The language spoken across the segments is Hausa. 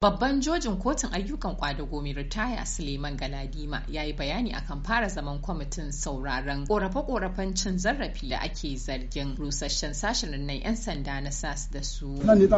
Babban jojin kotun ayyukan mai ritaya Suleiman Galadima ya yi bayani akan fara zaman kwamitin sauraron ƙorafe-ƙorafen cin zarafi da ake zargin rusasshen sashen rinnai 'yan sanda na SAS da su. Wannan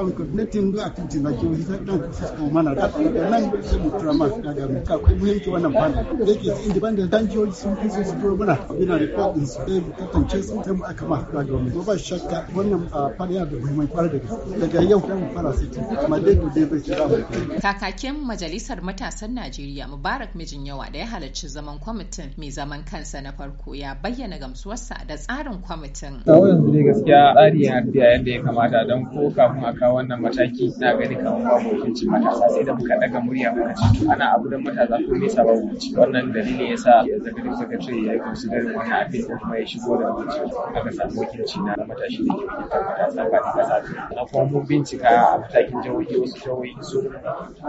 Kakakin Majalisar Matasan Najeriya Mubarak Mijin Yawa da ya halarci zaman kwamitin mai zaman kansa na farko ya bayyana gamsuwarsa da tsarin kwamitin. Kawo yanzu ne gaskiya tsari ya tafiya yadda ya kamata don ko kafin a kawo wannan mataki na gani kamar babu hukunci matasa sai da muka daga murya muka ci ana abu don matasa ko me babu hukunci wannan dalili yasa yanzu gani suka ce ya yi considering wannan abin ko kuma ya shigo da hukunci aka samu hukunci na matashi da ke matasa ba ta kasa. Na kuma mun bincika a matakin jihohi wasu jihohi su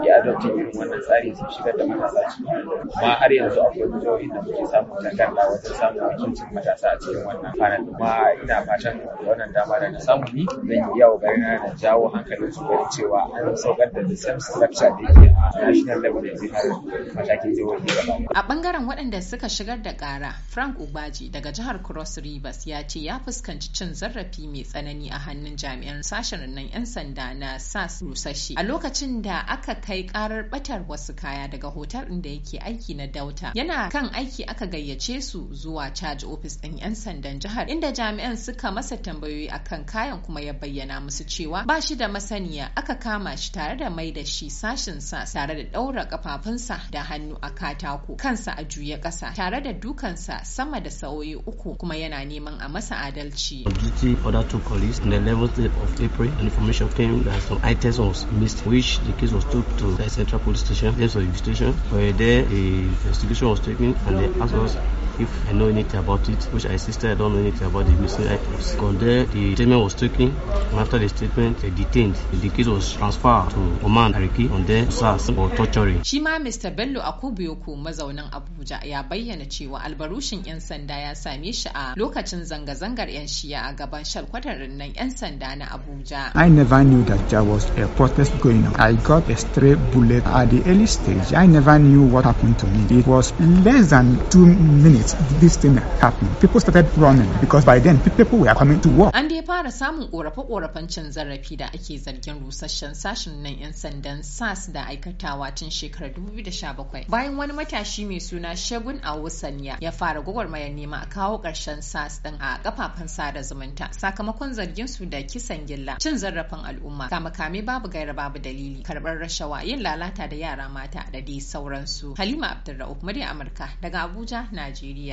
ya adoptin irin wannan tsari sun shigar da matasa ciki kuma har yanzu akwai jihohin da muke samun tangarɗa wajen samun wakilcin matasa a cikin wannan fannin kuma ina fatan wannan dama da na samu ni zan yi yawo bari na da jawo hankalin su bari cewa an saukar da the same structure da ke a national level da har matakin jihohi gaba. a bangaren waɗanda suka shigar da ƙara frank ubaji daga jihar cross rivers ya ce ya fuskanci cin zarafi mai tsanani a hannun jami'an sashen nan 'yan sanda na sas rusashi a lokacin da aka kai karar batar wasu kaya daga hotel inda yake aiki na Dauta. Yana kan aiki aka gayyace su zuwa charge office ɗin 'yan sandan jihar inda jami'an suka masa tambayoyi akan kayan kuma ya bayyana musu cewa ba shi da masaniya aka kama shi tare da mai da shi sashin sa tare da ɗaura kafafunsa da hannu a katako kansa a juya ƙasa tare da dukansa sama da sa'o'i uku kuma yana neman a masa adalci. Duty order two police on the 11th of April information came that some items was missed which the case was took to the central police station, police station. We were there, the investigation was taken, and they asked us if I know anything about it, which I insisted I don't know anything about the missing items. On there, the statement was taken, and after the statement, they detained. The case was transferred to Oman Ariki On there, SARS for torturing. Shima Mr. Bello Akubiyoko mazaunin Abuja ya bayyana cewa albarushin 'yan sanda ya same shi a lokacin zanga-zangar 'yan shiya a gaban shalkwatarin nan 'yan sanda na Abuja. I never knew that there was a protest going on. I got a stray bullet at the early stage. I never knew what happened to me. It was less than two minutes minutes this thing happened, people started running because by then people were coming to work. An dai fara samun korafe-korafen cin zarafi da ake zargin rusasshen sashen nan 'yan sandan SAS da aikatawa tun shekarar 2017 bayan wani matashi mai suna Shegun Awusanya ya fara gwagwarmayar nema a kawo ƙarshen SAS din a kafafen sada zumunta sakamakon zargin su da kisan gilla cin zarafin al'umma kame babu gaira babu dalili karɓar rashawa yin lalata da yara mata da dai sauransu. Halima Abdulrahman Murya Amurka daga Abuja, Najeriya. diría